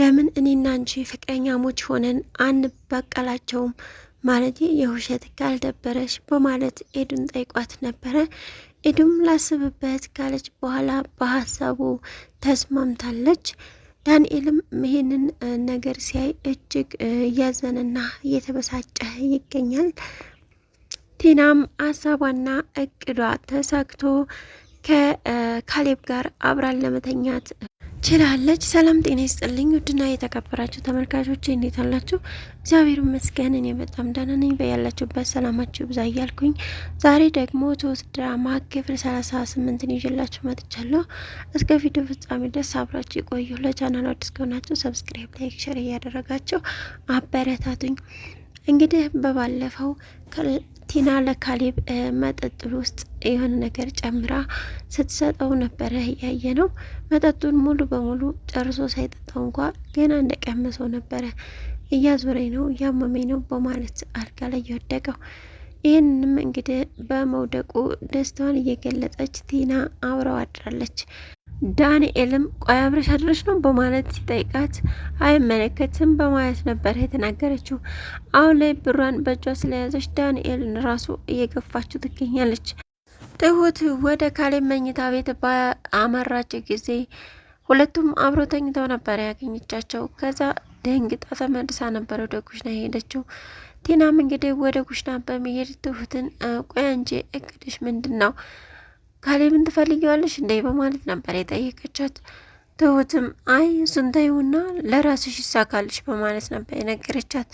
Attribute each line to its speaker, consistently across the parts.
Speaker 1: ለምን እኔና አንቺ ፍቅረኛሞች ሆነን አንበቀላቸውም? ማለት የውሸት ካልደበረች በማለት ኤዱን ጠይቋት ነበረ። ኤዱም ላስብበት ካለች በኋላ በሀሳቡ ተስማምታለች። ዳንኤልም ይህንን ነገር ሲያይ እጅግ እያዘነና እየተበሳጨ ይገኛል። ቲናም ሀሳቧና እቅዷ ተሳክቶ ከካሌብ ጋር አብራን ለመተኛት ችላለች። ሰላም ጤና ይስጥልኝ ውድና የተከበራችሁ ተመልካቾች እንዴት አላችሁ? እግዚአብሔር ይመስገን እኔ በጣም ደህና ነኝ። በያላችሁበት ሰላማችሁ ብዛ እያልኩኝ ዛሬ ደግሞ ትሁት ድራማ ክፍል ሰላሳ ስምንትን ይዤላችሁ መጥቻለሁ። እስከ ቪዲዮ ፍጻሜ ድረስ አብራችሁ ይቆዩ። ለቻናሉ አዲስ ከሆናችሁ ሰብስክራይብ፣ ላይክ፣ ሸር እያደረጋችሁ አበረታቱኝ። እንግዲህ በባለፈው ቲና ለካሌብ መጠጡን ውስጥ የሆነ ነገር ጨምራ ስትሰጠው ነበረ እያየ ነው። መጠጡን ሙሉ በሙሉ ጨርሶ ሳይጠጣው እንኳ ገና እንደቀመሰው ነበረ እያዞረኝ ነው እያመመኝ ነው በማለት አልጋ ላይ የወደቀው። ይህንንም እንግዲህ በመውደቁ ደስታዋን እየገለጸች ቲና አብረው አድራለች። ዳንኤልም ቆይ አብረሽ አድረሽ ነው በማለት ሲጠይቃት አይመለከትም በማለት ነበር የተናገረችው። አሁን ላይ ብሯን በእጇ ስለያዘች ዳንኤልን ራሱ እየገፋችው ትገኛለች። ትሁት ወደ ካሌብ መኝታ ቤት በአመራች ጊዜ ሁለቱም አብሮ ተኝተው ነበር ያገኘቻቸው። ከዛ ደንግጣ ተመልሳ ነበር ወደ ኩሽና ሄደችው። ቲናም እንግዲህ ወደ ኩሽና በመሄድ ትሁትን ቆይ አንቺ እቅድሽ ምንድን ነው? ካሌብን ትፈልጊዋለሽ እንዴ በማለት ነበር የጠየቀቻት። ትሁትም አይ እሱን ተይውና ለራስሽ ይሳካልሽ በማለት ነበር የነገረቻት።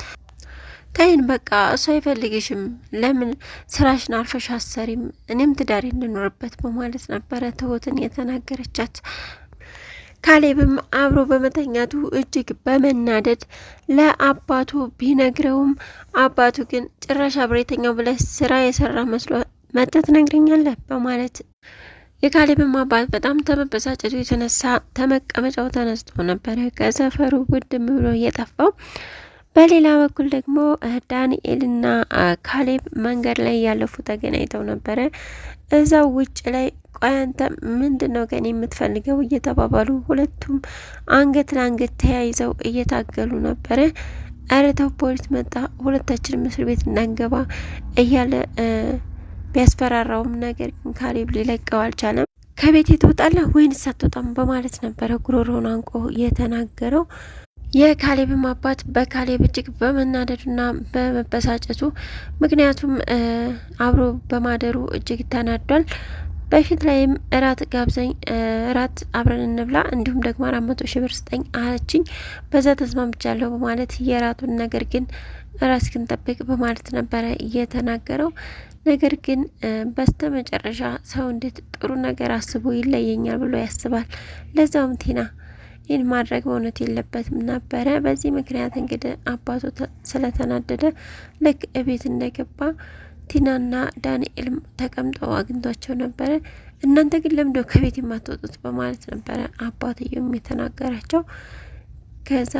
Speaker 1: ተይን በቃ እሱ አይፈልግሽም፣ ለምን ስራሽን አርፈሽ አሰሪም እኔም ትዳሪ እንድኖርበት በማለት ነበረ ትሁትን የተናገረቻት። ካሌብም አብሮ በመተኛቱ እጅግ በመናደድ ለአባቱ ቢነግረውም አባቱ ግን ጭራሽ አብሬተኛው ብለህ ስራ የሰራ መስሎ መጠት ትነግረኛለህ በማለት የካሌብም አባት በጣም ተመበሳጨቱ የተነሳ ተመቀመጫው ተነስቶ ነበረ ከሰፈሩ ውድም ብሎ እየጠፋው። በሌላ በኩል ደግሞ ዳንኤልና ካሌብ መንገድ ላይ ያለፉ ተገናኝተው ነበረ። እዛው ውጭ ላይ ቆይ አንተ ምንድን ነው ከኔ የምትፈልገው እየተባባሉ ሁለቱም አንገት ለአንገት ተያይዘው እየታገሉ ነበረ። እረተው ፖሊስ መጣ፣ ሁለታችን እስር ቤት እንዳንገባ እያለ ቢያስፈራራውም ነገር ግን ካሌብ ሊለቀው አልቻለም። ከቤት ትወጣለህ ወይንስ አትወጣም በማለት ነበረ ጉሮሮን አንቆ የተናገረው። የካሌብም አባት በካሌብ እጅግ በመናደዱና በመበሳጨቱ ምክንያቱም አብሮ በማደሩ እጅግ ተናዷል። በፊት ላይም እራት ጋብዘኝ፣ እራት አብረን እንብላ፣ እንዲሁም ደግሞ አራት መቶ ሺህ ብር ስጠኝ አለችኝ። በዛ ተስማምቻለሁ በማለት የራቱን ነገር ግን ግን ጠብቅ በማለት ነበረ እየተናገረው። ነገር ግን በስተ መጨረሻ ሰው እንዴት ጥሩ ነገር አስቦ ይለየኛል ብሎ ያስባል። ለዛውም ቲና ይህን ማድረግ በእውነት የለበትም ነበረ። በዚህ ምክንያት እንግዲህ አባቱ ስለተናደደ ልክ እቤት እንደገባ ቲናና ዳንኤልም ተቀምጠው አግኝቷቸው ነበረ። እናንተ ግን ለምዶ ከቤት የማትወጡት በማለት ነበረ አባትየውም የተናገራቸው። ከዛ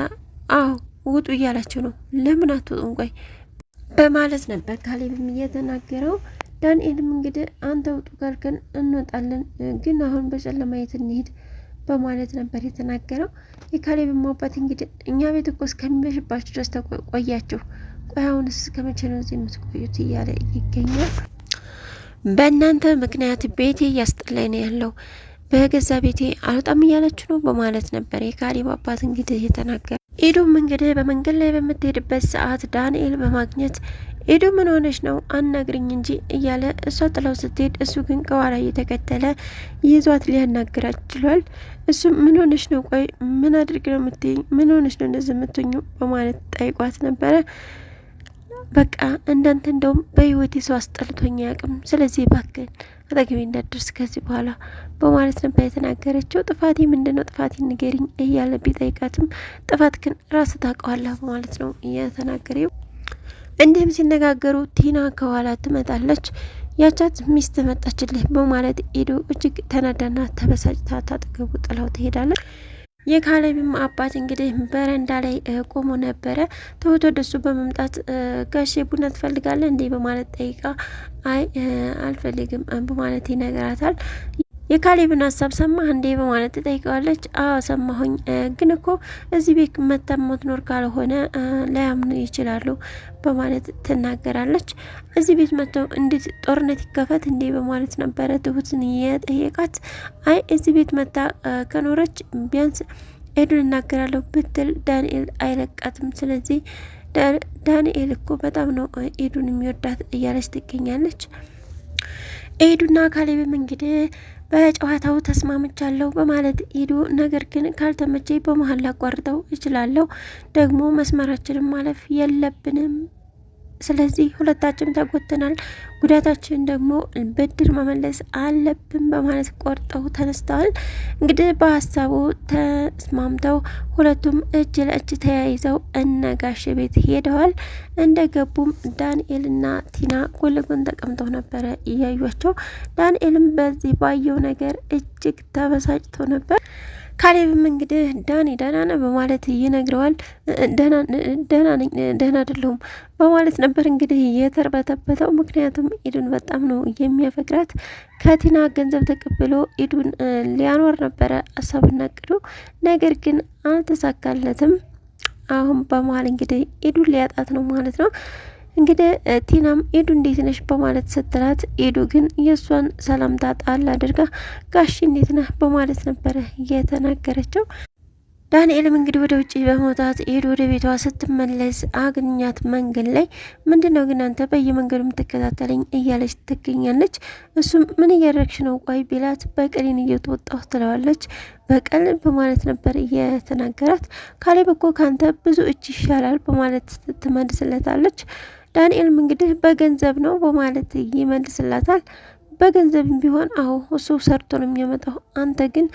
Speaker 1: አዎ ውጡ እያላቸው ነው፣ ለምን አትወጡም ቆይ በማለት ነበር ካሌብም እየተናገረው። ዳንኤልም እንግዲህ አንተ ውጡ ካልከን እንወጣለን፣ ግን አሁን በጨለማ የት በማለት ነበር የተናገረው። የካሌብም አባት እንግዲህ እኛ ቤት እኮ እስከሚመሽባችሁ ድረስ ተቆያችሁ አሁንስ ከመቼ ነው እዚህ የምትቆዩት? እያለ ይገኛል። በእናንተ ምክንያት ቤቴ እያስጠላኝ ነው ያለው በገዛ ቤቴ አልወጣም እያለች ነው በማለት ነበር የካሌብ አባት እንግዲህ የተናገረ። ኢዱም እንግዲህ በመንገድ ላይ በምትሄድበት ሰዓት ዳንኤል በማግኘት ኢዱ ምን ሆነች ነው አናግርኝ እንጂ እያለ እሷ ጥለው ስትሄድ እሱ ግን ከኋላ እየተከተለ ይዟት ሊያናግራት ችሏል። እሱም ምን ሆነች ነው ቆይ ምን አድርግ ነው የምትይኝ? ምን ሆነች ነው እንደዚህ የምትኙ? በማለት ጠይቋት ነበረ። በቃ እንዳንተ እንደውም በህይወቴ ሰው አስጠልቶኝ አያውቅም። ስለዚህ ባክን አጠገቤ እንዳደርስ ከዚህ በኋላ በማለት ነበር የተናገረችው። ጥፋቴ ምንድን ነው? ጥፋቴ ንገሪኝ እያለ ቢጠይቃትም ጥፋት ግን ራስ ታውቀዋለህ በማለት ነው እየተናገረው። እንዲህም ሲነጋገሩ ቲና ከኋላ ትመጣለች። ያቻት ሚስት መጣችልህ በማለት ኤዶ እጅግ ተናዳና ተበሳጭታ ታጠገቡ ጥላው ትሄዳለች። የካሌብም አባት እንግዲህ በረንዳ ላይ ቆሞ ነበረ። ትሁት ወደሱ በመምጣት ጋሼ ቡና ትፈልጋለህ እንዴ በማለት ጠይቃ አይ አልፈልግም በማለት ይነግራታል። የካሌብን ሀሳብ ሰማህ እንዴ በማለት ትጠይቀዋለች። አዎ ሰማሁኝ፣ ግን እኮ እዚህ ቤት መታ ኖር ካልሆነ ላያምኑ ይችላሉ በማለት ትናገራለች። እዚህ ቤት መጥተው እንዴት ጦርነት ይከፈት እንዴ በማለት ነበረ ትሁትን የጠየቃት። አይ እዚህ ቤት መታ ከኖረች ቢያንስ ኤዱን እናገራለሁ ብትል ዳንኤል አይለቃትም። ስለዚህ ዳንኤል እኮ በጣም ነው ኤዱን የሚወዳት እያለች ትገኛለች። ኤዱና ካሌብም እንግዲህ በጨዋታው ተስማምቻለሁ በማለት ሄዶ ነገር ግን ካልተመቸኝ በመሀል ላቋርጠው እችላለሁ፣ ደግሞ መስመራችንን ማለፍ የለብንም ስለዚህ ሁለታችንም ተጎትናል ጉዳታችን ደግሞ ብድር መመለስ አለብን በማለት ቆርጠው ተነስተዋል። እንግዲህ በሀሳቡ ተስማምተው ሁለቱም እጅ ለእጅ ተያይዘው እነጋሽ ቤት ሄደዋል። እንደ ገቡም ዳንኤልና ቲና ጎን ለጎን ተቀምጠው ነበረ እያዩቸው። ዳንኤልም በዚህ ባየው ነገር እጅግ ተበሳጭቶ ነበር። ካሌብም እንግዲህ ዳኒ ደህና ነህ በማለት ይነግረዋል። ደህና ነኝ፣ ደህና አይደለሁም በማለት ነበር እንግዲህ የተርበተበተው። ምክንያቱም ኢዱን በጣም ነው የሚያፈቅራት። ከቲና ገንዘብ ተቀብሎ ኢዱን ሊያኖር ነበረ አሳብና ቅዱ፣ ነገር ግን አልተሳካለትም። አሁን በመሀል እንግዲህ ኢዱን ሊያጣት ነው ማለት ነው። እንግዲህ ቲናም ኤዱ እንዴት ነሽ በማለት ስትላት፣ ኤዱ ግን የእሷን ሰላምታ ጣል አድርጋ ጋሽ እንዴት ነህ በማለት ነበረ የተናገረችው። ዳንኤልም እንግዲህ ወደ ውጭ በመውጣት ኤዱ ወደ ቤቷ ስትመለስ አግኛት መንገድ ላይ ምንድን ነው ግን አንተ በየመንገዱ የምትከታተለኝ እያለች ትገኛለች። እሱም ምን እያደረግሽ ነው ቋይ ቢላት በቀሌን እየተወጣሁ ትለዋለች። በቀል በማለት ነበር የተናገራት። ካሌብ እኮ ካንተ ብዙ እጅ ይሻላል በማለት ትመልስለታለች። ዳንኤልም እንግዲህ በገንዘብ ነው በማለት ይመልስላታል። በገንዘብም ቢሆን አሁ እሱ ሰርቶ ነው የሚያመጣው፣ አንተ ግን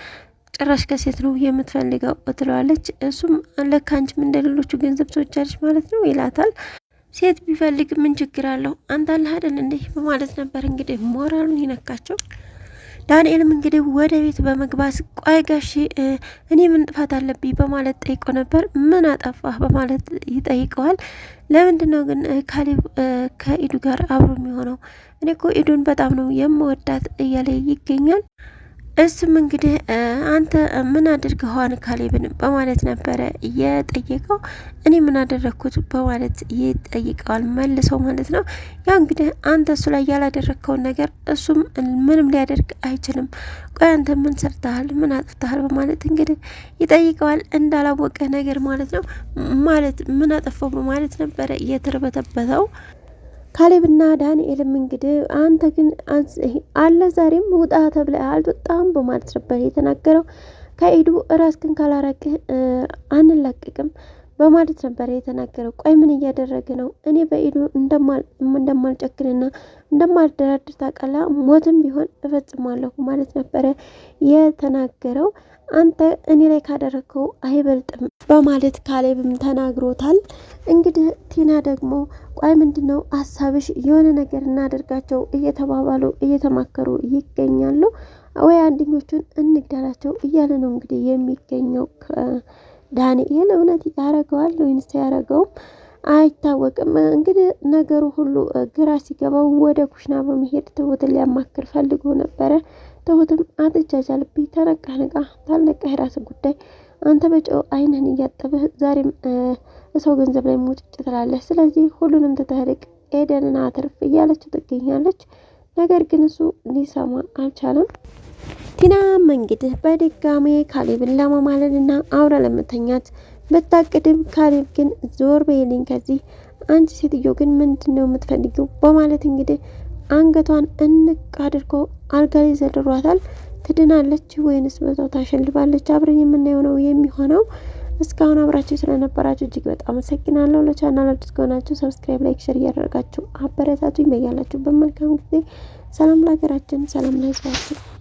Speaker 1: ጭራሽ ከሴት ነው የምትፈልገው ትለዋለች። እሱም ለካ አንቺም እንደሌሎቹ ገንዘብ ትወጃለሽ ማለት ነው ይላታል። ሴት ቢፈልግ ምን ችግር አለው? አንተ አለህ አይደል እንዴ በማለት ነበር እንግዲህ ሞራሉን ይነካቸው። ዳንኤልም እንግዲህ ወደ ቤት በመግባት ቆይ ጋሺ እኔ ምን ጥፋት አለብኝ በማለት ጠይቆ ነበር። ምን አጠፋህ በማለት ይጠይቀዋል። ለምንድን ነው ግን ካሌብ ከኢዱ ጋር አብሮ የሚሆነው? እኔ እኮ ኢዱን በጣም ነው የምወዳት እያለ ይገኛል። እሱም እንግዲህ አንተ ምን አድርገኸዋን ካሌብን በማለት ነበረ የጠየቀው። እኔ ምን አደረግኩት በማለት ይጠይቀዋል መልሰው ማለት ነው። ያ እንግዲህ አንተ እሱ ላይ ያላደረግከውን ነገር እሱም ምንም ሊያደርግ አይችልም። ቆይ አንተ ምን ሰርተሃል? ምን አጥፍተሃል? በማለት እንግዲህ ይጠይቀዋል እንዳላወቀ ነገር ማለት ነው። ማለት ምን አጠፋው በማለት ነበረ እየተርበተበተው ካሌብና ዳንኤልም እንግዲህ አንተ ግን አለ ዛሬም ውጣ ተብለ በጣም በማለት ነበር የተናገረው። ከኢዱ ራስክን ካላረቅህ አንለቅቅም በማለት ነበረ የተናገረው። ቆይ ምን እያደረገ ነው? እኔ በኢዱ እንደማልጨክንና እንደማልደራድር ታቃላ። ሞትም ቢሆን እፈጽማለሁ ማለት ነበረ የተናገረው። አንተ እኔ ላይ ካደረግከው አይበልጥም በማለት ካሌብም ተናግሮታል። እንግዲህ ቲና ደግሞ ቆይ ምንድን ነው ሀሳብሽ? የሆነ ነገር እናደርጋቸው እየተባባሉ እየተማከሩ ይገኛሉ። ወይ አንድኞቹን እንግደላቸው እያለ ነው እንግዲህ የሚገኘው ዳንኤል እውነት ያረገዋል ወይንስ ያረገውም አይታወቅም። እንግዲህ ነገሩ ሁሉ ግራ ሲገባው ወደ ኩሽና በመሄድ ትሁትን ሊያማክር ፈልጎ ነበረ። ትሁትም አትጃጃልብኝ፣ ተነቃህ ንቃ፣ ታልነቃ የራስህ ጉዳይ አንተ በጨው አይንህን እያጠብህ ዛሬም ሰው ገንዘብ ላይ ሙጭጭ ትላለህ። ስለዚህ ሁሉንም ትተህርቅ፣ ኤደንን አትርፍ እያለችው ትገኛለች። ነገር ግን እሱ ሊሰማ አልቻለም። ቲና እንግዲህ በድጋሜ ካሌብን ለማማለል እና አውራ ለመተኛት ብታቅድም ካሌብ ግን ዞር በይልኝ ከዚህ አንቺ ሴትዮ ግን ምንድን ነው የምትፈልጊው? በማለት እንግዲህ አንገቷን እንቅ አድርጎ አልጋ ላይ ዘድሯታል። ትድናለች ወይንስ በዛው ታሸልባለች? አብረን የምናየው ነው የሚሆነው። እስካሁን አብራችሁ ስለነበራችሁ እጅግ በጣም አመሰግናለሁ። ለቻናል አዲስ ከሆናችሁ ሰብስክራይብ፣ ላይክ፣ ሸር እያደረጋችሁ አበረታቱ። ይመያላችሁ። በመልካም ጊዜ። ሰላም ለሀገራችን፣ ሰላም ለህዝባችን።